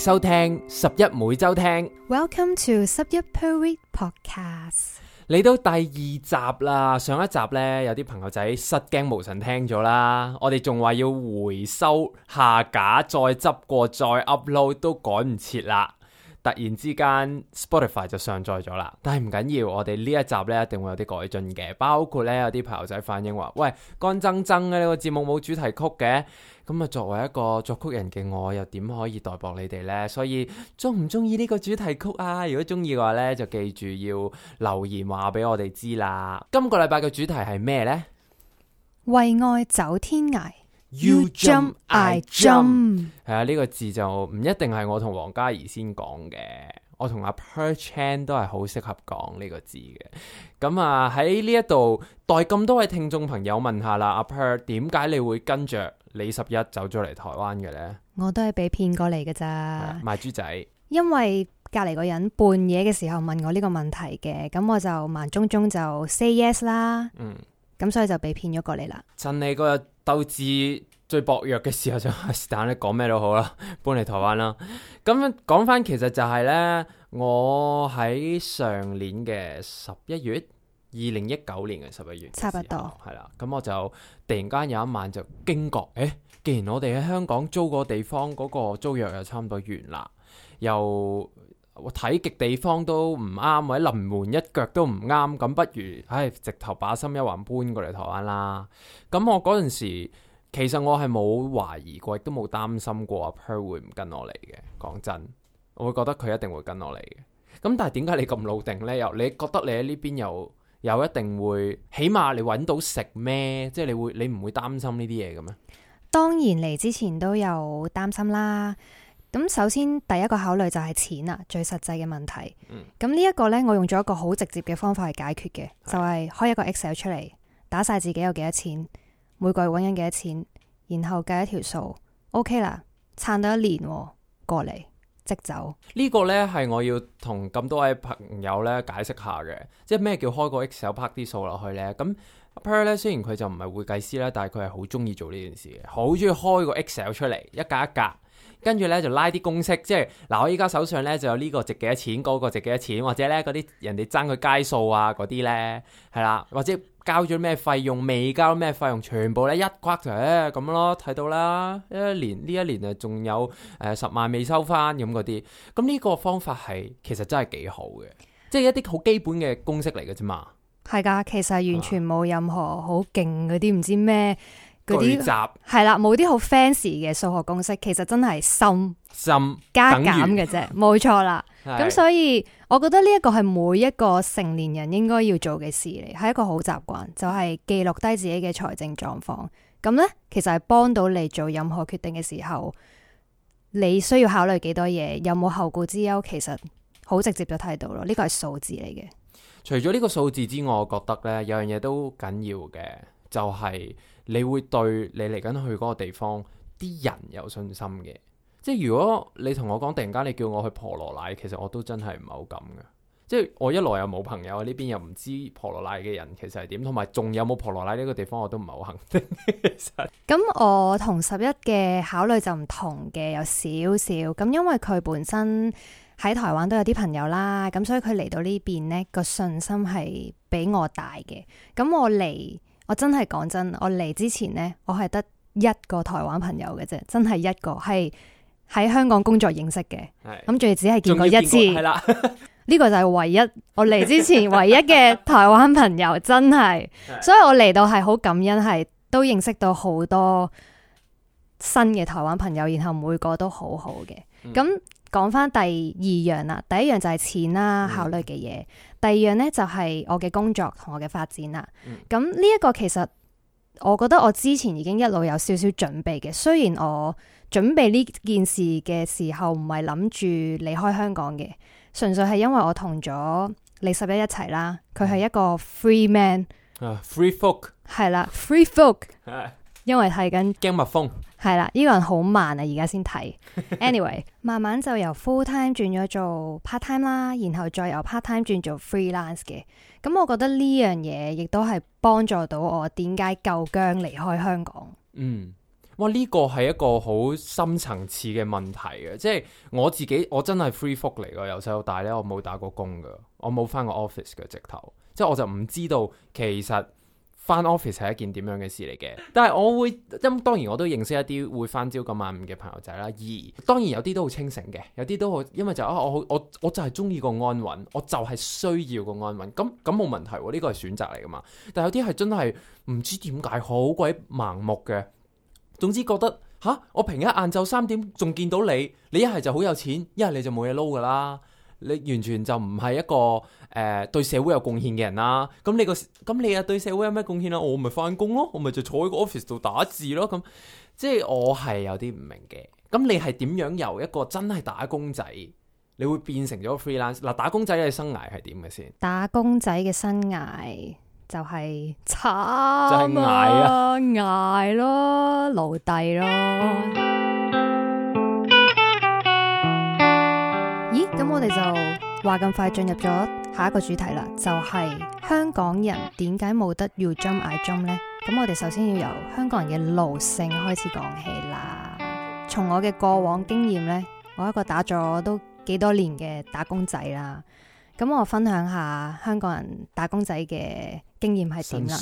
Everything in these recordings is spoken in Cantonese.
收聽十一每周聽，Welcome to 十一 per week podcast。嚟到第二集啦，上一集呢有啲朋友仔失驚無神聽咗啦，我哋仲話要回收下架，再執過，再 upload 都改唔切啦。突然之間，Spotify 就上載咗啦，但係唔緊要，我哋呢一集咧一定會有啲改進嘅，包括呢有啲朋友仔反映話，喂，乾增增嘅呢個節目冇主題曲嘅，咁、嗯、啊作為一個作曲人嘅我，又點可以待薄你哋呢？所以中唔中意呢個主題曲啊？如果中意嘅話呢，就記住要留言話俾我哋知啦。今個禮拜嘅主題係咩呢？為愛走天涯。You jump, I jump。係啊，呢、這個字就唔一定係我同黃嘉怡先講嘅，我同阿 Per Chan 都係好適合講呢個字嘅。咁啊，喺呢一度代咁多位聽眾朋友問下啦，阿、啊、Per 點解你會跟着李拾壹走咗嚟台灣嘅呢？我都係被騙過嚟嘅咋，賣豬仔。因為隔籬個人半夜嘅時候問我呢個問題嘅，咁我就盲中中就 say yes 啦。嗯，咁所以就被騙咗過嚟啦。趁你個日，鬥志最薄弱嘅時候，就但係你講咩都好啦，搬嚟台灣啦。咁講翻，其實就係呢，我喺上年嘅十一月，二零一九年嘅十一月，差不多係啦。咁我就突然間有一晚就驚覺，誒、欸，既然我哋喺香港租個地方，嗰、那個租約又差唔多完啦，又。睇極地方都唔啱，或者臨門一腳都唔啱，咁不如唉，直頭把心一橫，搬過嚟台灣啦。咁我嗰陣時，其實我係冇懷疑過，亦都冇擔心過阿 Per 會唔跟我嚟嘅。講真，我會覺得佢一定會跟我嚟嘅。咁但係點解你咁老定呢？又你覺得你喺呢邊又又一定會，起碼你揾到食咩？即係你會你唔會擔心呢啲嘢嘅咩？當然嚟之前都有擔心啦。咁首先第一個考慮就係錢啦，最實際嘅問題。咁呢一個呢，我用咗一個好直接嘅方法去解決嘅，嗯、就係開一個 Excel 出嚟，打晒自己有幾多錢，每個月揾緊幾多錢，然後計一條數，OK 啦，撐到一年過嚟即走。呢個呢，係我要同咁多位朋友呢解釋下嘅，即係咩叫開個 Excel 拍啲數落去呢？咁阿 Per 呢雖然佢就唔係會計師啦，但係佢係好中意做呢件事嘅，好中意開個 Excel 出嚟一格一格。跟住咧，就拉啲公式，即係嗱，我依家手上咧就有呢個值幾多錢，嗰個值幾多錢，或者咧嗰啲人哋爭佢街數啊，嗰啲咧係啦，或者交咗咩費用，未交咩費用，全部咧一 quarter 咁咯，睇到啦，一年呢一年啊，仲有誒十萬未收翻咁嗰啲，咁呢個方法係其實真係幾好嘅，即係一啲好基本嘅公式嚟嘅啫嘛。係噶，其實完全冇任何好勁嗰啲唔知咩。嗰啲雜係啦，冇啲好 fancy 嘅數學公式，其實真係心心加減嘅啫，冇錯啦。咁 是所以我覺得呢一個係每一個成年人應該要做嘅事嚟，係一個好習慣，就係、是、記錄低自己嘅財政狀況。咁呢，其實係幫到你做任何決定嘅時候，你需要考慮幾多嘢，有冇後顧之憂，其實好直接就睇到咯。呢個係數字嚟嘅。除咗呢個數字之外，我覺得呢，有樣嘢都緊要嘅，就係、是。你會對你嚟緊去嗰個地方啲人有信心嘅，即係如果你同我講突然間你叫我去婆羅奈，其實我都真係唔係好敢嘅，即係我一來又冇朋友，呢邊又唔知婆羅奈嘅人其實係點，同埋仲有冇婆羅奈呢個地方我都唔係好肯定。咁 我同十一嘅考慮就唔同嘅，有少少。咁因為佢本身喺台灣都有啲朋友啦，咁所以佢嚟到呢邊呢個信心係比我大嘅。咁我嚟。我真係講真，我嚟之前呢，我係得一個台灣朋友嘅啫，真係一個係喺香港工作認識嘅，咁仲要只係見過一次，呢個就係唯一我嚟之前 唯一嘅台灣朋友，真係，是所以我嚟到係好感恩，係都認識到好多新嘅台灣朋友，然後每個都好好嘅。咁講翻第二樣啦，第一樣就係錢啦，嗯、考慮嘅嘢。第二樣呢，就係、是、我嘅工作同我嘅發展啦。咁呢一個其實我覺得我之前已經一路有少少準備嘅。雖然我準備呢件事嘅時候唔係諗住離開香港嘅，純粹係因為我同咗李拾壹一齊啦。佢係一個 free man 啊，free folk 係啦，free folk、啊、因為睇緊 Game of Thrones。係啦，呢、這個人好慢啊，而家先睇。Anyway， 慢慢就由 full time 轉咗做 part time 啦，然後再由 part time 轉做 freelance 嘅。咁我覺得呢樣嘢亦都係幫助到我，點解夠姜離開香港？嗯，哇！呢、這個係一個好深層次嘅問題嘅，即係我自己，我真係 free folk 嚟噶，由細到大咧，我冇打過工噶，我冇返過 office 嘅直頭，即係我就唔知道其實。翻 office 係一件點樣嘅事嚟嘅？但係我會，因、嗯、當然我都認識一啲會翻朝九晚五嘅朋友仔啦。而，當然有啲都好清醒嘅，有啲都好，因為就啊，我我我就係中意個安穩，我就係需要個安穩。咁咁冇問題喎、啊，呢個係選擇嚟噶嘛。但有啲係真係唔知點解好鬼盲目嘅。總之覺得吓、啊，我平日晏晝三點仲見到你，你一係就好有錢，一係你就冇嘢撈噶啦。你完全就唔係一個誒、呃、對社會有貢獻嘅人啦、啊，咁你個咁你啊，對社會有咩貢獻啊？我咪翻工咯，我咪就坐喺個 office 度打字咯，咁即係我係有啲唔明嘅。咁你係點樣由一個真係打工仔，你會變成咗 freelance？嗱，打工仔嘅生涯係點嘅先？打工仔嘅生涯就係慘、啊，就係捱啊捱咯，奴隸咯。 咁我哋就話咁快進入咗下一個主題啦，就係、是、香港人點解冇得要「you jump I jump」呢？m 咁我哋首先要由香港人嘅奴性開始講起啦。從我嘅過往經驗呢，我一個打咗都幾多年嘅打工仔啦。咁我分享下香港人打工仔嘅經驗係點啦。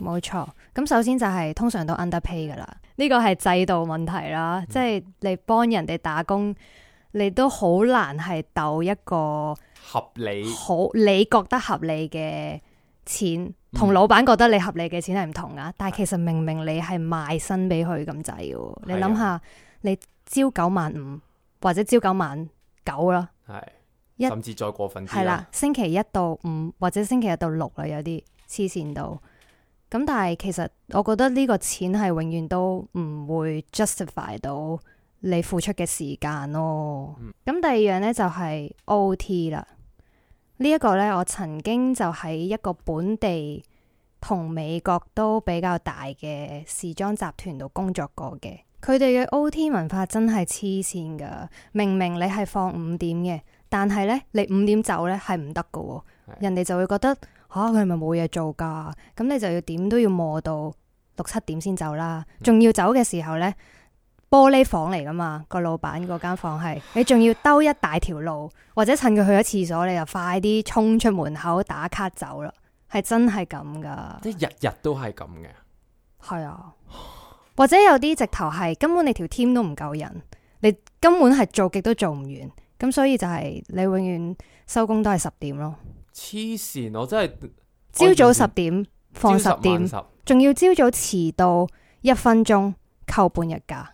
冇錯，心酸。咁首先就係通常都 underpay 噶啦，呢個係制度問題啦，嗯、即係你幫人哋打工。你都好難係鬥一個合理好，好你覺得合理嘅錢，同老闆覺得你合理嘅錢係唔同㗎。嗯、但係其實明明你係賣身俾佢咁滯，你諗下是、啊、你朝九晚五或者朝九晚九咯，啊、一甚至再過分係啦、啊，星期一到五或者星期一到六啦，有啲黐線到。咁但係其實我覺得呢個錢係永遠都唔會 justify 到。你付出嘅時間咯，咁、嗯、第二樣呢，就係 OT 啦。呢一個呢，我曾經就喺一個本地同美國都比較大嘅時裝集團度工作過嘅。佢哋嘅 OT 文化真係黐線噶。明明你係放五點嘅，但係呢，你五點走呢係唔得噶。是的 人哋就會覺得吓，佢係咪冇嘢做噶？咁、啊、你就要點都要磨到六七點先走啦。仲要走嘅時候呢。玻璃房嚟噶嘛？個老闆嗰間房係，你仲要兜一大條路，或者趁佢去咗廁所，你就快啲衝出門口打卡走啦。係真係咁噶，即係日日都係咁嘅，係啊。 或者有啲直頭係根本你條 team 都唔夠人，你根本係做極都做唔完，咁所以就係你永遠收工都係十點咯。黐線，我真係朝早十點不放十點，仲要朝早遲到一分鐘扣半日假。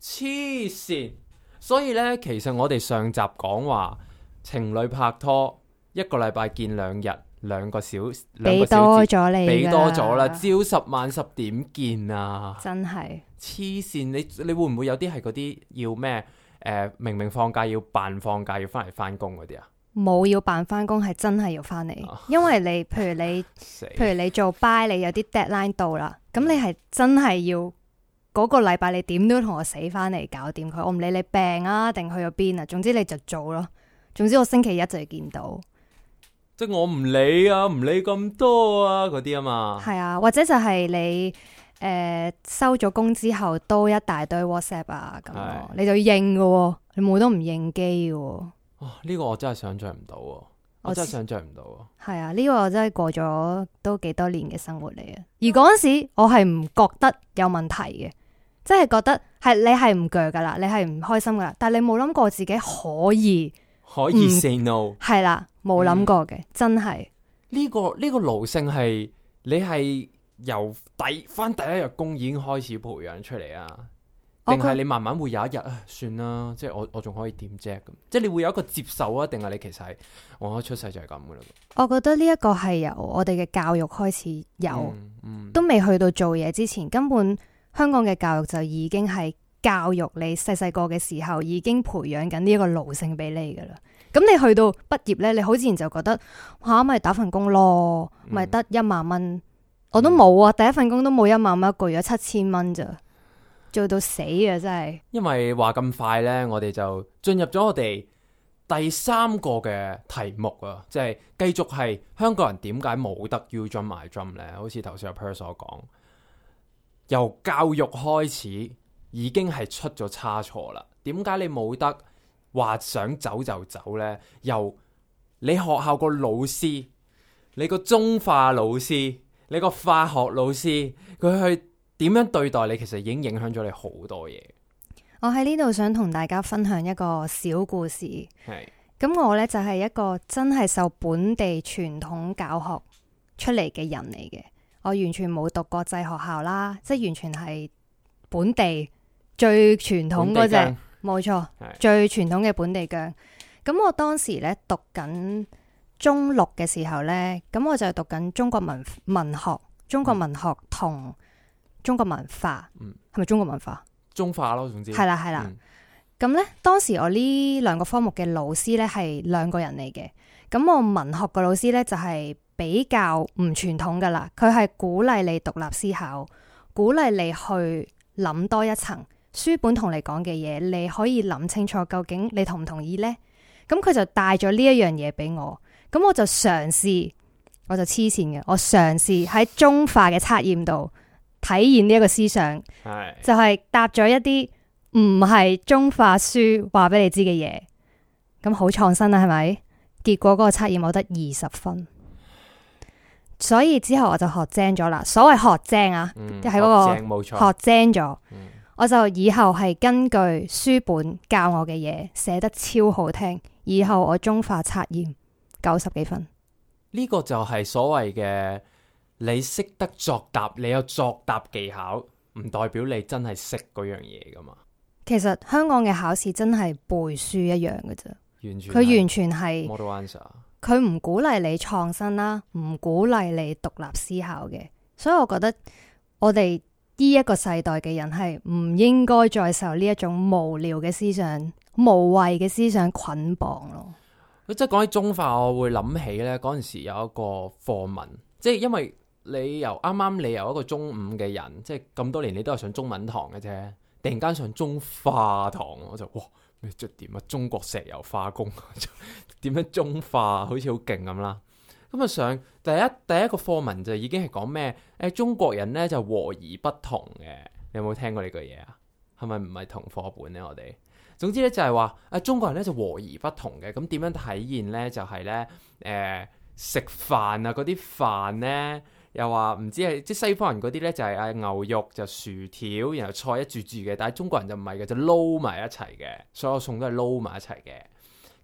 黐線，所以咧，其實我哋上集講話情侶拍拖一個禮拜見兩日，兩個小時，俾多咗你，俾多咗啦，朝十晚十點見啊！真係黐線，你你會唔會有啲係嗰啲要咩誒？明明放假要扮放假，要翻嚟翻工嗰啲啊？冇要扮翻工，係真係要翻嚟，因為你譬如你譬如你做 by，你有啲 deadline 到啦，咁你係真係要。嗰個禮拜你點都要同我死翻嚟搞掂佢，我唔理你病啊定去咗邊啊，總之你就做咯。總之我星期一就見到，即係我唔理啊，唔理咁多啊，嗰啲啊嘛。係啊，或者就係你誒、呃、收咗工之後多一大堆 WhatsApp 啊，咁是你就要應噶、哦，你冇得唔應機噶。啊，呢、這個我真係想象唔到，我真係想象唔到。係我啊，呢、這個我真係過咗都幾多年嘅生活嚟啊，而嗰陣時我係唔覺得有問題嘅。即係覺得係你係唔鋸噶啦，你係唔開心噶啦，但係你冇諗過自己可以可以 say no 係啦，冇諗、嗯、過嘅、嗯、真係的呢、這個呢、這個奴性係你係由第返第一日工已經開始培養出嚟，啊，定係你慢慢會有一日啊 Okay, 算啦，即係我我仲可以點啫咁，即係你會有一個接受啊，定係你其實我出世就係咁噶啦？我覺得呢一個係由我哋嘅教育開始有，嗯嗯、都未去到做嘢之前根本，香港嘅教育，就已經係教育你細細個嘅時候已經培養緊呢一個奴性俾你噶啦，咁你去到畢業呢，你好自然就覺得吓咪打份工咯，咪、嗯、得一萬蚊，我都冇啊，嗯、第一份工都冇一萬蚊一個月，七千蚊咋，做到死啊真係！因為話咁快呢，我哋就進入咗我哋第三個嘅題目啊，即係繼續係香港人點解冇得 You jump I jump 咧？好似頭先阿 per 所講。由教育開始已經係出咗差錯啦，點解你冇得話想走就走呢？由你學校個老師，你個中化老師，你個化學老師，佢去點樣對待你，其實已經影響咗你好多嘢。我喺呢度想同大家分享一個小故事。係咁是，我呢，就係、是、一個真係受本地傳統教學出嚟嘅人嚟嘅。我完全冇讀國際學校啦，即係完全係本地最傳統嗰隻，冇錯，最傳統嘅本地薑。咁錯是的 我當時呢讀緊中六嘅時候呢，咁我就讀緊中國文，嗯、文學、中國文學同中國文化，嗯，係咪中國文化？中化咯，總之係啦係啦。咁、嗯、呢，當時我呢兩個科目嘅老師呢係兩個人嚟嘅。咁我文學個老師呢就係、是。比較唔傳統噶啦，佢係鼓勵你獨立思考，鼓勵你去諗多一層書本同你講嘅嘢，你可以諗清楚究竟你同唔同意呢。咁佢就帶咗呢一樣嘢俾我，咁我就嘗試，我就黐線嘅，我嘗試喺中化嘅測驗度體現呢一個思想，Yes. 就係答咗一啲唔係中化書話俾你知嘅嘢，咁好創新啦，係咪？結果嗰個測驗我得二十分。所以之後我就學精咗啦。所謂學精啊，喺嗰、嗯，嗰個學精咗，精、嗯、我就以後係根據書本教我嘅嘢寫得超好聽。以後我中化測驗九十幾分，呢個就係所謂嘅你識得作答，你有作答技巧，唔代表你真係識嗰樣嘢噶嘛。其實香港嘅考試真係背書一樣噶啫，佢完全係。佢唔鼓勵你創新啦，唔鼓勵你獨立思考嘅，所以我覺得我哋呢一個世代嘅人係唔應該再受呢一種無聊嘅思想，無謂嘅思想捆綁咯。即係講起中化，我會諗起呢嗰陣時有一個課文，即係因為你由啱啱你由一個中五嘅人，即係咁多年你都係上中文堂嘅啫，突然間上中化堂，我就哇咩着點啊？中國石油化工。 點樣中化？好似好勁咁啦。咁啊上第一第一個課文就已經係講咩？誒、欸、中國人咧、就係就係欸、就和而不同嘅。你有冇聽過呢句嘢啊？係咪唔係同課本咧？我哋總之咧就係話啊中國人咧就和而不同嘅。咁點樣體現咧？就係咧誒食飯啊嗰啲飯咧又話唔知係即西方人嗰啲咧就係、係、啊牛肉就係、薯條然後菜一住住嘅，但係中國人就唔係嘅，就撈埋一齊嘅，所有餸都係撈埋一齊嘅。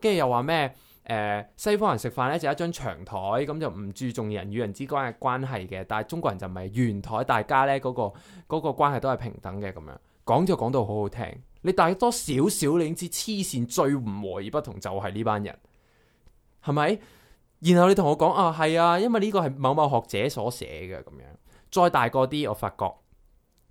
跟住又話咩？誒、呃、西方人食飯咧就一張長台，咁就唔注重人與人之間嘅關係嘅。但係中國人就唔係圓台，大家咧嗰、嗰個嗰、嗰個關係都係平等嘅咁樣講就講到好好聽。你大多少少，你已知黐線最唔和而不同就係呢班人，係咪？然後你同我講啊，係啊，因為呢個係某某學者所寫嘅咁樣。再大個啲，我發覺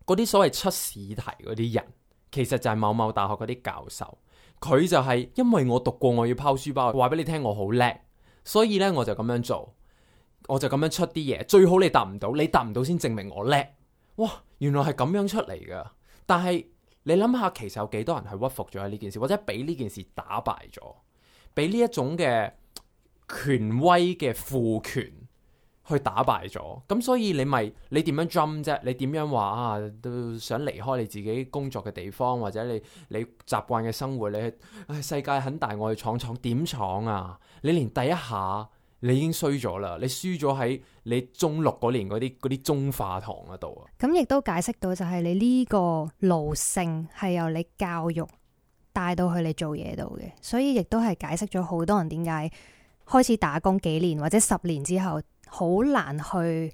嗰啲所謂出試題嗰啲人，其實就係某某大學嗰啲教授。佢就係因為我讀過，我要拋書包，話俾你聽我好叻，所以呢，我就咁樣做，我就咁樣出啲嘢，最好你答唔到，你答唔到先證明我叻。哇，原來係咁樣出嚟噶，但係你諗下，其實有幾多人係屈服咗呢件事，或者俾呢件事打敗咗，俾呢一種嘅權威嘅賦權。去打敗咗咁，所以你咪你點樣 jump 啫？你點樣話啊？都想離開你自己工作嘅地方，或者你你習慣嘅生活。你唉、哎，世界很大，我哋闖闖點闖啊？你連第一下你已經衰咗啦，你輸咗喺你中六嗰年嗰啲嗰啲中化堂嗰度啊。咁亦都解釋到就係你呢個路性係由你教育帶到去你做嘢度嘅，所以亦都係解釋咗好多人點解開始打工幾年或者十年之後。好難去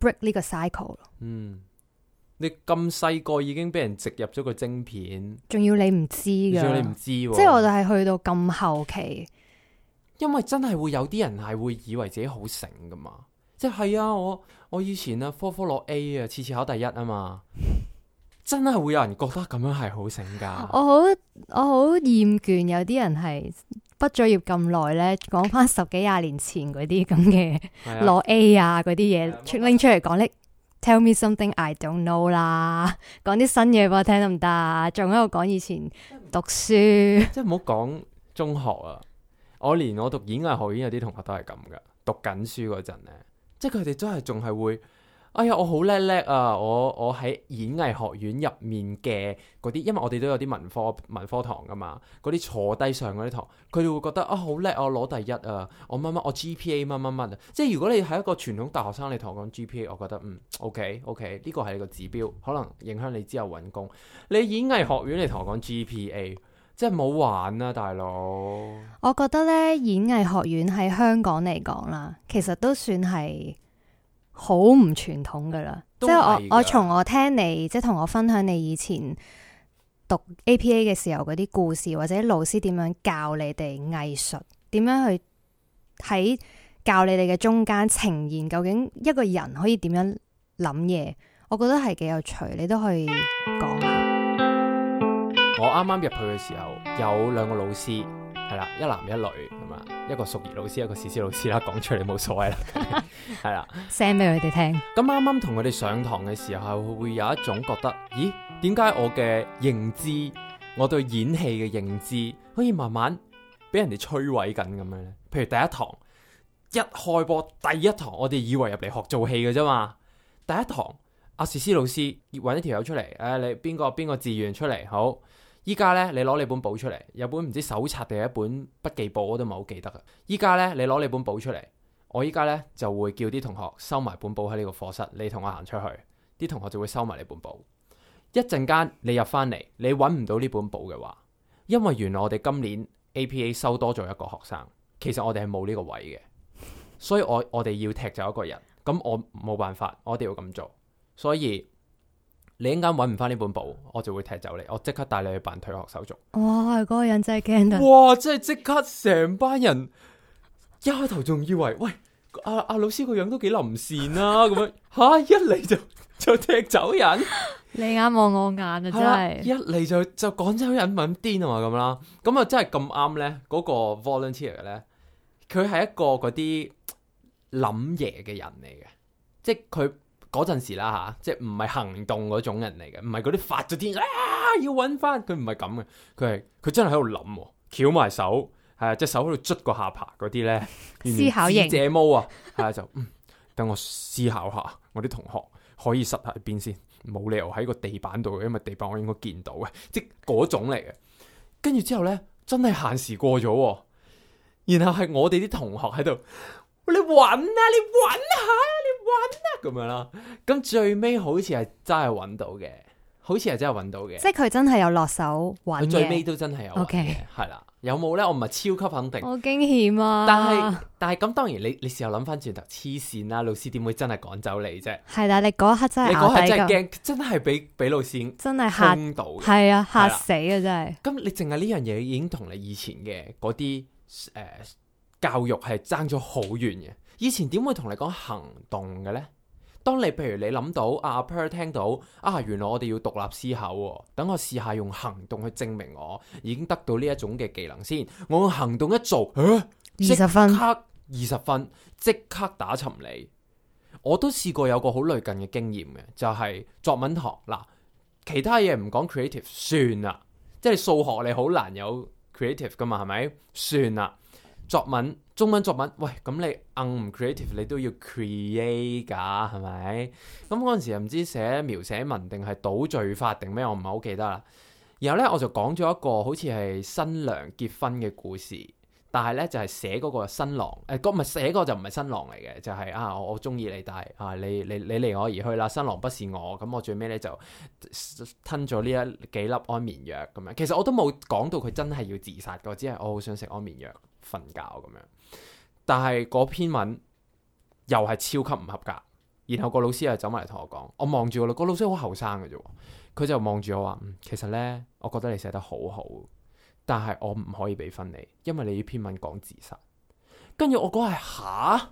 break 呢個 cycle 咯。嗯，你咁細個已經俾人植入咗個晶片，仲要你唔知噶，你唔知，即係我就係去到咁後期。因為真係會有啲人係會以為自己好醒噶嘛，即係啊，我我以前啊科科落 A 啊，次次考第一啊嘛，真係會有人覺得咁樣係好醒噶。我好我好厭倦有啲人係。畢咗業咁耐咧，講翻十幾廿年前嗰啲咁嘅攞 A 啊嗰啲嘢拎出嚟講咧，Tell me something I don't know 啦，講啲新嘢俾我聽得唔得？仲喺度講以前讀書，即係唔好講中學啊！我連我讀演藝學院有啲同學都係咁㗎，讀緊書嗰陣咧，即係佢哋都係仲係會。哎呀，我好叻叻啊！我我喺演藝學院入面嘅嗰啲，因為我哋都有啲文科文科堂噶嘛，嗰啲坐低上嗰啲堂，佢哋會覺得、哦、啊好叻，我攞第一啊，我乜乜我 GPA 乜乜乜啊！即係如果你係一個傳統大學生，你同我講 GPA，我覺得嗯 OK OK，呢個係你個指標，可能影響你之後揾工。你演藝學院你同我講 GPA，即係冇玩啊，大佬！我覺得呢演藝學院喺香港嚟講啦，其實都算係。好唔傳統噶啦，即係我我從我聽你即係同我分享你以前讀 APA 嘅時候嗰啲故事，或者老師點樣教你哋藝術，點樣去喺教你哋嘅中間呈現，究竟一個人可以點樣諗嘢？我覺得係幾有趣，你都可以講下。我啱啱入去嘅時候有兩個老師。係啦，一男一女，係嘛，一個淑儀老師，一個視師老師啦，講出嚟，冇所謂啦，係啦 了，聲俾佢哋聽。咁啱啱同佢哋上堂嘅時候，會，會有一種覺得，咦，點解我嘅認知，我對演戲嘅認知，可以慢慢俾人哋摧毀緊咁樣呢？譬如第一堂一開播，第一堂我哋以為入嚟學做戲嘅啫嘛。第一堂阿視師老師搵一條友出嚟，誒、哎，你邊個邊個志願出嚟好？依家呢，你攞你本簿出嚟，有本唔知手冊定係一本筆記簿，我都唔係好記得啊！依家呢，你攞你本簿出嚟，我依家呢就會叫啲同學收埋本簿喺呢個課室。你同我行出去，啲同學就會收埋你本簿。一陣間你入翻嚟，你揾唔到呢本簿嘅話，因為原來我哋今年 APA 收多咗一個學生，其實我哋係冇呢個位嘅，所以我我哋要踢走一個人，咁我冇辦法，我哋要咁做，所以。你一間揾唔翻呢本簿，我就會踢走你。我即刻帶你去辦退學手續。哇！嗰個人真係驚到。哇！真係即刻成班人一開頭仲以為，「喂阿阿老師個樣都幾良善啊！」咁樣吓，一嚟就就踢走人。你眼望我眼啊！真係一嚟就就趕走人癲癲啊嘛咁啦，咁啊真係咁啱咧。嗰個 volunteer 咧，佢係一個嗰啲諗嘢嘅人嚟嘅，即係佢。嗰陣時啦吓、啊，即係唔係行動嗰種人嚟嘅，唔係嗰啲發咗癲啊要揾翻佢，唔係咁嘅，佢係佢真係喺度諗，翹埋手係啊，隻手喺度捽個下巴嗰啲咧，思考型，借毛啊，係啊，就，嗯，等我思考下，我啲同學可以塞喺邊先？冇理由喺個地板度嘅，因為地板我應該見到嘅，即係嗰種嚟嘅。跟住之後咧，真係限時過咗，然後係我哋啲同學喺度，你揾啊，你揾下、啊。搵啦咁樣啦，咁最尾好似係真係搵到嘅，好似係真係搵到嘅。即係佢真係有落手搵佢，最尾都真係有。O K 係啦，有冇咧？我唔係超級肯定。好驚險啊！但係但係咁，當然你你事後諗翻轉頭，黐線啦，老師點會真係趕走你啫？係啦，你嗰刻真係你嗰刻真係驚，真係俾俾老師真係吓到，係啊嚇死啊真係。咁你淨係呢樣嘢，已經同你以前嘅嗰啲誒。呃教育係爭咗好遠嘅，以前點會同你講行動嘅呢？當你譬如你諗到阿、啊、Per 聽到啊，原來我哋要獨立思考、啊，等我試下用行動去證明我已經得到呢一種嘅技能先。我用行動一做，吓、啊，分二十分，即刻二十分，即刻打沉你。我都試過有個好類近嘅經驗嘅，就係、是、作文堂嗱，其他嘢唔講 creative 算啦，即係數學你好難有 creative 噶嘛，係咪？算啦。作文，中文作文，喂咁你硬唔 creative，你都要 create 噶，係咪？咁嗰陣時又唔知寫描寫文定係倒敘法定咩？我唔係好記得啦。然後呢，我就講咗一個好似係新娘結婚嘅故事，但係呢就係寫嗰個新郎誒，唔係寫個就唔係新郎嚟嘅，就係、是、啊我我中意你，但係啊你你你離我而去啦。新郎不是我，咁、嗯、我最尾呢就吞咗呢一幾粒安眠藥咁樣。其實我都冇講到佢真係要自殺噶，只係我好想食安眠藥。瞓覺咁樣，但係嗰篇文又係超級唔合格。然後個老師又走埋嚟同我講，我望住個老個老師好後生嘅啫，佢就望住我話，其實呢，我覺得你寫得好好，但係我唔可以俾分你，因為你篇文講自殺。跟住我講，係吓，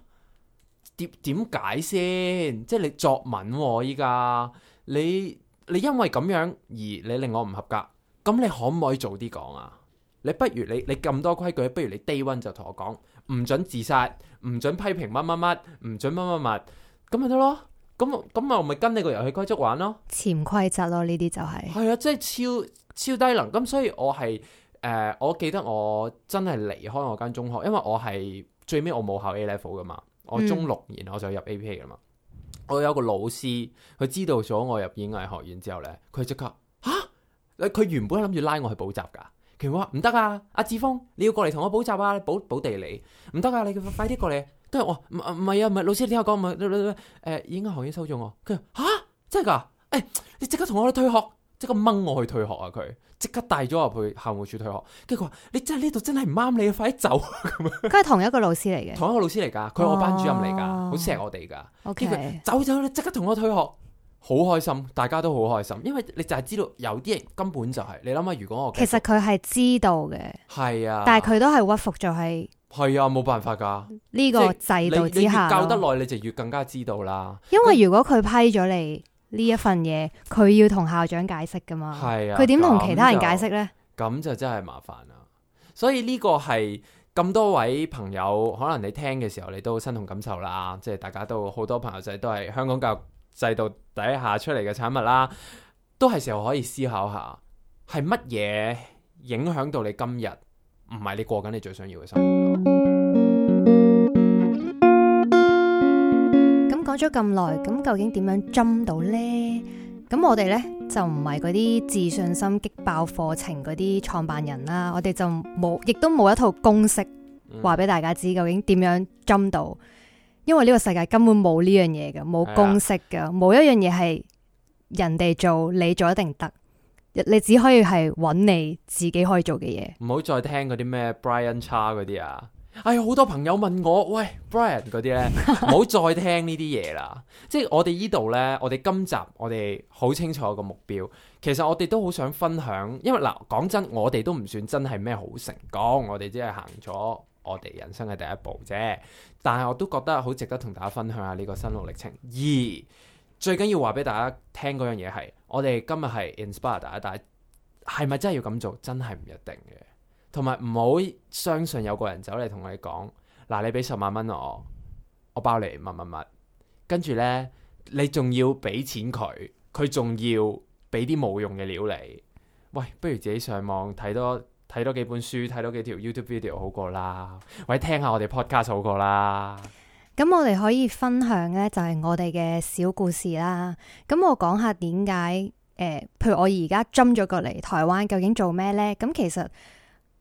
點點解先？即係你作文依家，你你因為咁樣而你令我唔合格，咁你可唔可以早啲講啊？你不如你你咁多規矩，不如你低溫就同我講，「唔准自殺，唔准批評乜乜乜，唔准乜乜乜。」咁咪得咯。咁咁咪咪跟你個遊戲規則玩咯。潛規則咯，呢啲就係係啊，即係超超低能。咁所以我係誒、呃，我記得我真係離開我間中學，因為我係最尾我冇考 A level 噶嘛，我中六然後我就入 APA 噶嘛。嗯、我有個老師佢知道咗我入演藝學院之後咧，佢即刻吓，佢原本諗住拉我去補習噶。佢話唔得啊，阿智峰，你要過嚟同我補習啊，補補地理，唔得啊，你快啲過嚟。都係我唔唔係啊，唔係、 啊、老師呢刻講，唔唔唔，誒、呃，已經間學院收咗我？佢話吓，真係噶，誒、欸，你即刻同我，我去退學，即刻掹我去退學啊！佢即刻帶咗入去校務處退學，跟住佢話你真係呢度真係唔啱你，快啲走。咁啊，跟住同一個老師嚟嘅，同一個老師嚟噶，佢係我班主任嚟噶，好錫、哦、我哋噶。O okay K，走走，你即刻同我退學。好開心，大家都好開心，因為你就係知道有啲人根本就係、是、你諗下，如果我其實佢係知道嘅，係啊，但係佢都係屈服咗，係係啊，冇辦法噶呢個制度之下，教得耐都你就越更加知道啦。因為如果佢批咗你呢一份嘢，佢要同校長解釋噶嘛，佢點同其他人解釋呢？咁就，就真係麻煩啦。所以呢個係咁多位朋友，可能你聽嘅時候你都身同感受啦，即係大家都好多朋友仔都係香港教育。制度底下出嚟嘅產物啦，都係時候可以思考下，係乜嘢影響到你今日，唔係你過緊你最想要嘅生活囉。咁講咗咁耐，咁究竟點樣 jump 到呢？咁我哋呢，就唔係嗰啲自信心激爆課程嗰啲創辦人啦，我哋就冇，亦都冇一套公式，話俾大家知究竟點樣 jump 到。嗯因為呢個世界根本冇呢樣嘢嘅，冇公式嘅，冇、啊、一樣嘢係人哋做你做一定得，你只可以係揾你自己可以做嘅嘢。唔好再聽嗰啲咩 Bryan Char 嗰啲啊！哎，好多朋友問我，喂 Brian 嗰啲呢？唔好 再聽呢啲嘢啦。即係我哋呢度呢，我哋今集我哋好清楚一個目標。其實我哋都好想分享，因為嗱講真，我哋都唔算真係咩好成功，我哋只係行咗。我哋人生嘅第一步啫，但係我都覺得好值得同大家分享下呢個心路歷程。二、最緊要話俾大家聽嗰樣嘢係，我哋今日係 Inspire 大家，但係係咪真係要咁做？真係唔一定嘅。同埋唔好相信有個人走嚟同你講，嗱，你俾十萬蚊我，我包你乜乜乜，跟住呢，你仲要俾錢佢，佢仲要俾啲冇用嘅料你。喂，不如自己上網睇多。睇多幾本書，睇多幾條 YouTube video 好過啦。或者聽下我哋 podcast 好過啦。咁我哋可以分享咧，就係我哋嘅小故事啦。咁我講下點解，誒、呃，譬如我而家 jump 咗過嚟台灣，究竟做咩呢？咁其實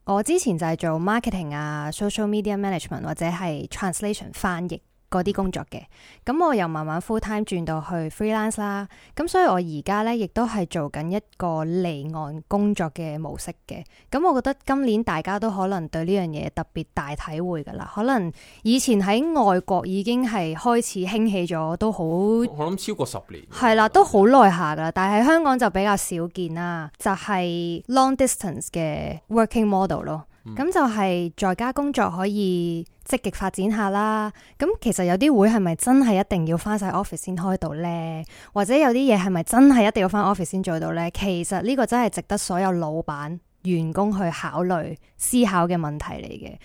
我之前就係做 marketing 啊，social media management 或者係 translation 翻譯。嗰啲工作嘅，咁我又慢慢 full time 轉到去 freelance 啦，咁所以我而家咧亦都係做緊一個離岸工作嘅模式嘅，咁我覺得今年大家都可能對呢樣嘢特別大體會噶啦，可能以前喺外國已經係開始興起咗，都好，我諗超過十年，係啦，都好耐下噶，但係香港就比較少見啦，就係、是、long distance 嘅 working model 咯，咁、嗯、就係在家工作可以。積極發展下啦，咁其實有啲會係咪真係一定要返晒 office 先開到呢？或者有啲嘢係咪真係一定要返 office 先做到呢？其實呢個真係值得所有老闆員工去考慮思考嘅問題嚟嘅。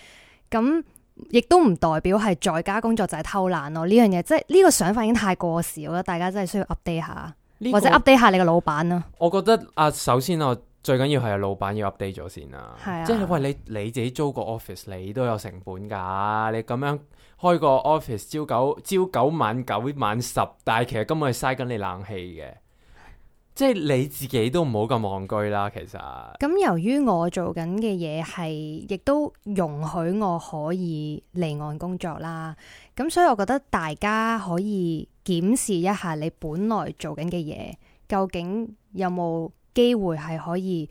咁亦都唔代表係在家工作就係偷懶咯。呢樣嘢即係呢個想法已經太過時，我覺得大家真係需要 update 下，這個 或者 update 下你個老闆啦。我覺得啊，首先我。最緊要係老闆要 update 咗先啦，即係、啊、喂，你你自己租個 office，你都有成本噶，你咁樣開個 office 朝九朝九晚九晚十，但係其實根本係嘥緊你冷氣嘅，即、就、係、是、你自己都唔好咁戇居啦。其實咁、嗯、由於我做緊嘅嘢係，亦都容許我可以離岸工作啦。咁、嗯、所以我覺得大家可以檢視一下你本來做緊嘅嘢，究竟有冇？機會係可以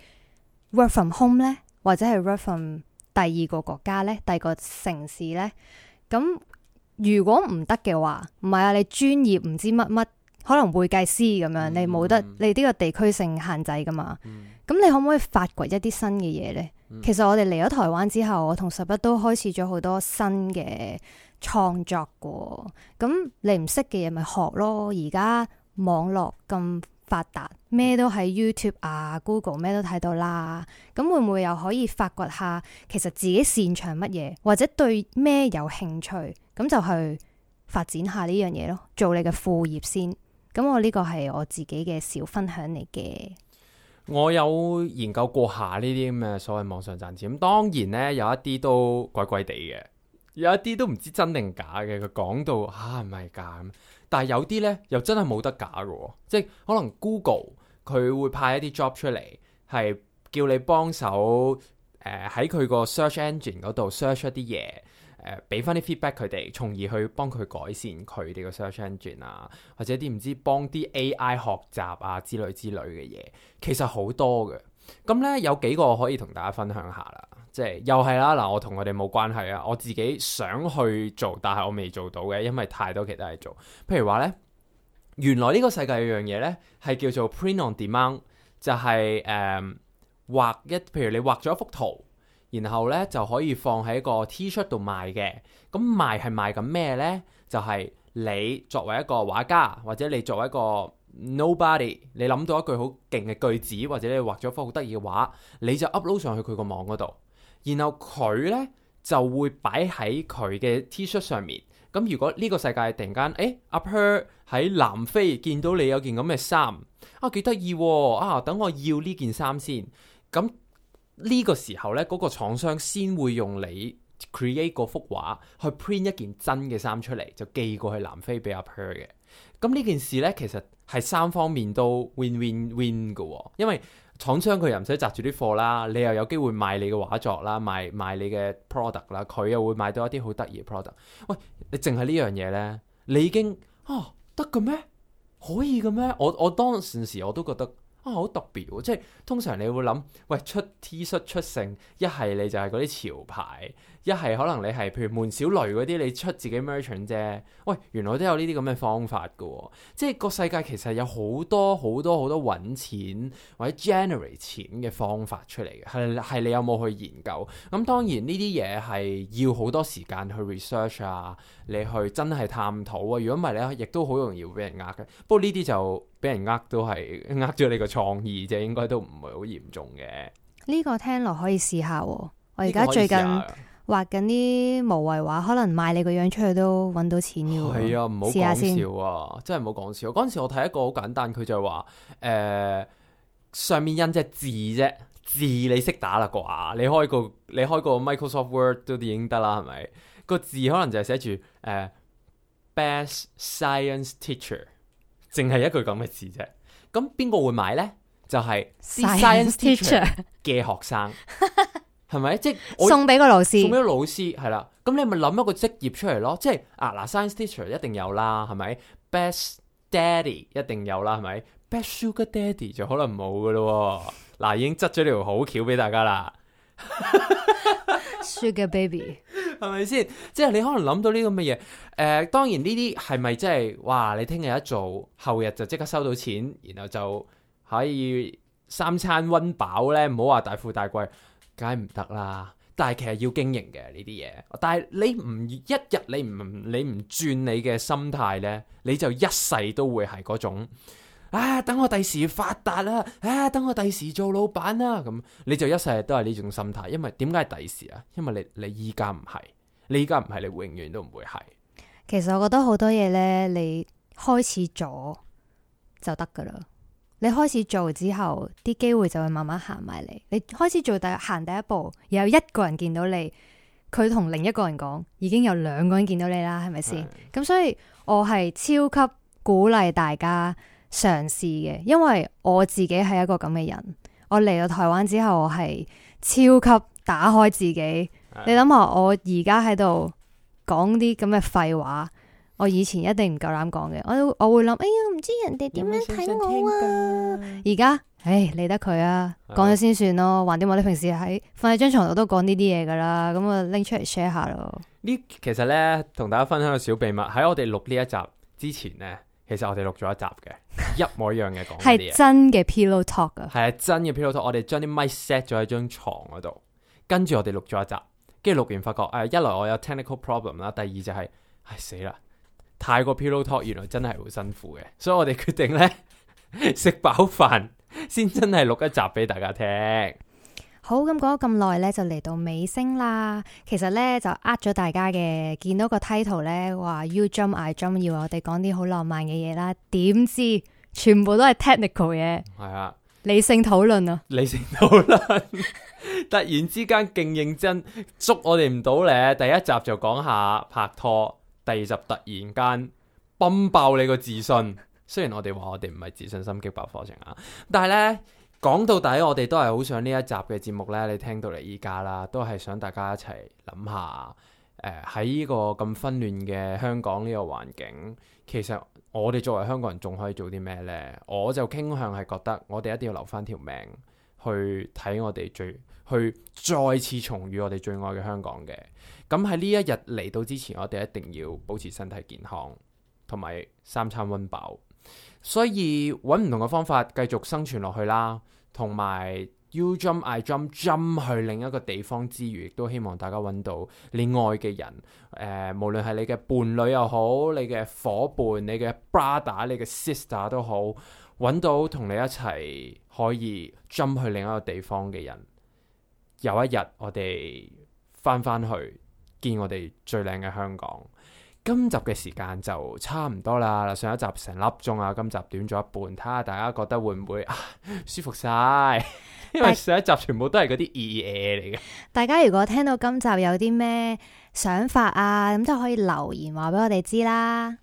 work from home 呢，或者係 work from 第二個國家呢，第二個城市呢。咁如果唔得嘅話，唔係啊，你專業唔知乜乜，可能會計師咁樣，你冇得你呢個地區性限制㗎嘛。咁你可唔可以發掘一啲新嘅嘢呢？嗯、其實我哋嚟咗台灣之後，我同十一都開始咗好多新嘅創作喎。咁你唔識嘅嘢咪學咯？而家網絡咁。發達，咩都喺 YouTube 啊 Google 咩都睇到啦，咁會唔會又可以發掘下其實自己擅長乜嘢，或者對咩有興趣，咁就去發展下呢樣嘢咯，做你嘅副業先。咁我呢個係我自己嘅小分享嚟嘅。我有研究過下呢啲咩所謂網上賺錢，咁當然呢，有一啲都怪怪地嘅，有一啲都唔知真定假嘅，佢講到啊，唔係假。但係有啲咧，又真係冇得假嘅，即係可能 Google 佢會派一啲 job 出嚟，係叫你幫手誒喺、呃、佢個 search engine 度 search 一啲嘢誒，俾翻啲 feedback 佢哋，從而去幫佢改善佢哋個 search engine 啊，或者啲唔知幫啲 AI 學習啊之類之類嘅嘢，其實好多嘅。咁咧有幾個可以同大家分享下啦。即係又係啦，嗱，我同佢哋冇關係啊！我自己想去做，但係我未做到嘅，因為太多其他嘢做。譬如話呢，原來呢個世界有樣嘢呢，係叫做 print on demand，就係誒畫一，譬如你畫咗一幅圖，然後呢就可以放喺個 T-shirt 度賣嘅。咁賣係賣緊咩呢？就係你作為一個畫家，或者你作為一個 nobody，你諗到一句好勁嘅句子，或者你畫咗幅好得意嘅畫，你就 upload 上去佢個網嗰度。然後佢呢就會擺喺佢嘅 T 恤上面。咁如果呢個世界突然間，誒，阿 Per 喺南非見到你有件咁嘅衫，啊，幾得意喎！啊，等我要呢件衫先。咁呢個時候呢，嗰個廠商先會用你 create 嗰幅畫去 print 一件真嘅衫出嚟，就寄過去南非俾阿 Per 嘅。咁呢件事呢，其實係三方面都 win win win 㗎喎，因為廠商佢又唔使擸住啲貨啦，你又有機會賣你嘅畫作啦，賣賣你嘅 product 啦，佢又會買到一啲好得意嘅 product。喂，你淨係呢樣嘢呢？你已經啊得㗎咩？可以㗎咩？我我當時我都覺得啊好特別啊，即係通常你會諗，喂，出 T 恤出成一係，你就係嗰啲潮牌。一係可能你係，譬如門小雷嗰啲，你出自己 merchant 啫。喂，原來都有呢啲咁嘅方法㗎喎，即係個世界其實有好多好多好多揾錢或者 generate 錢嘅方法出嚟嘅。係係，你有冇去研究？咁、嗯、當然呢啲嘢係要好多時間去 research 啊，你去真係探討啊。如果唔係你亦都好容易俾人呃嘅。不過呢啲就俾人呃都係呃咗你個創意啫，應該都唔係好嚴重嘅。呢個聽落可以試下喎。我而家最近。畫緊啲無謂畫，可能賣你個樣出去都搵到錢嘅。係啊，唔好講笑啊，真係唔好講笑。嗰陣時我睇一個好簡單，佢就係話誒、呃、上面印只字啫，字你識打啦啩？你開個你開個 Microsoft Word 都已經得啦，係咪？個字可能就係寫住誒 best science teacher，淨係一句咁嘅字啫。咁邊個會買咧？就係、是、science teacher 嘅學生。 係咪？即係送俾個老師，送俾老師係啦。咁你咪諗一個職業出嚟咯。即係啊，嗱，science teacher 一定有啦，係咪？Best daddy 一定有啦，係咪？Best sugar daddy 就可能冇噶咯。嗱、啊，已經執咗條好橋俾大家啦。 sugar baby，係咪先？即係你可能諗到呢個乜嘢。誒、呃，當然呢啲係咪即係？哇！你聽日一做，後日就即刻收到錢，然後就可以三餐溫飽咧。唔好話大富大貴。梗係唔得啦，但係其實要經營嘅呢啲嘢，但係你唔一日你唔你唔轉你嘅心態呢，你就一世都會係嗰種，啊等我第時發達啦，啊等我第時做老闆啦，咁你就一世都係呢種心態，因為點解第時啊？因為你你依家唔係，你依家唔係，你永遠都唔會係。其實我覺得好多嘢呢，你開始咗就得噶啦。你開始做之後，啲機會就會慢慢行埋嚟。你開始做第行第一步，又有一個人見到你，佢同另一個人講，已經有兩個人見到你啦，係咪先？咁是的 所以我係超級鼓勵大家嘗試嘅，因為我自己係一個咁嘅人。我嚟到台灣之後，我係超級打開自己。是的 你諗下，我而家喺度講啲咁嘅廢話。我以前一定唔夠膽講嘅，我我會諗，哎呀，唔知人哋點樣睇我啊！而家，唉、哎，理得佢啊，講咗先算咯。橫掂我哋平時喺瞓喺張床度都講呢啲嘢噶啦，咁啊拎出嚟 share 下咯。呢其實呢，同大家分享個小秘密，喺我哋錄呢一集之前呢，其實我哋錄咗一集嘅，一模一樣嘅講法。係 真嘅 pillow talk、啊、talk 啊！係啊，真嘅 pillow talk。我哋將啲 mic set 咗喺張床嗰度，跟住我哋錄咗一集，跟住錄完發覺，誒、哎，一來我有 technical problem 啦，第二就係、是，唉、哎，死啦！太過 pillow talk，原來真係好辛苦嘅，所以我哋決定呢，食飽飯先，真係錄一集俾大家聽。好，咁講咗咁耐呢，就嚟到尾聲啦。其實呢，就呃咗大家嘅，見到個 title 呢，話 You jump I jump，要我哋講啲好浪漫嘅嘢啦，點知全部都係 technical 嘢。係啊，理性討論啊，理性討論。 突然之間勁認真，捉我哋唔到咧。第一集就講下拍拖。第二集突然間崩爆你個自信，雖然我哋話我哋唔係自信心激爆課程啊，但係呢，講到底，我哋都係好想呢一集嘅節目呢。你聽到嚟依家啦，都係想大家一齊諗下，喺、呃、呢個咁紛亂嘅香港呢個環境，其實我哋作為香港人，仲可以做啲咩呢？我就傾向係覺得，我哋一定要留翻條命去睇我哋最，去再次重遇我哋最愛嘅香港嘅，咁喺呢一日嚟到之前，我哋一定要保持身體健康，同埋三餐溫飽，所以揾唔同嘅方法繼續生存落去啦，同埋 you jump I jump jump 去另一個地方之餘，亦都希望大家揾到你愛嘅人，誒、呃，無論係你嘅伴侶又好，你嘅夥伴、你嘅 brother、你嘅 sister 都好，揾到同你一齊可以 jump 去另一個地方嘅人。有一日我哋翻翻去見我哋最靚嘅香港。今集嘅時間就差唔多啦，上一集成粒鐘啊，今集短咗一半，睇下大家覺得會唔會、啊、舒服晒？ 因為上一集全部都係嗰啲二嘢嚟嘅。 大家如果聽到今集有啲咩想法啊，咁都可以留言話俾我哋知啦。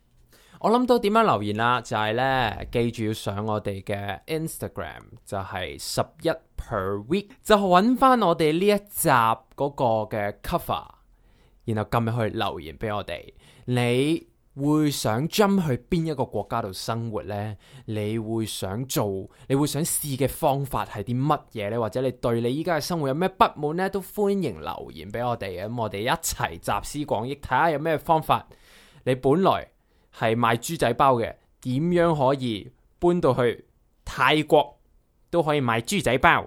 我諗到點樣留言啦，就係、是、咧，記住要上我哋嘅 Instagram，就係十一 per week，就揾翻我哋呢一集嗰個嘅 cover，然後今日去留言俾我哋。你會想 jump 去邊一個國家度生活呢？你會想做，你會想試嘅方法係啲乜嘢呢？或者你對你依家嘅生活有咩不滿呢？都歡迎留言俾我哋嘅。咁、嗯、我哋一齊集思廣益，睇下有咩方法。你本來。係賣豬仔包嘅，點樣可以搬到去泰國都可以賣豬仔包？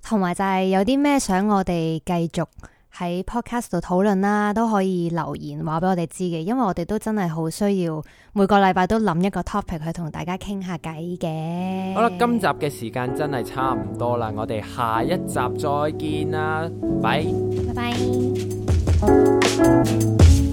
同埋就係有啲咩想我哋繼續喺 podcast 度討論啦，都可以留言話俾我哋知嘅，因為我哋都真係好需要每個禮拜都諗一個 topic 去同大家傾下偈嘅。好啦，今集嘅時間真係差唔多啦，我哋下一集再見啦，拜拜。Bye bye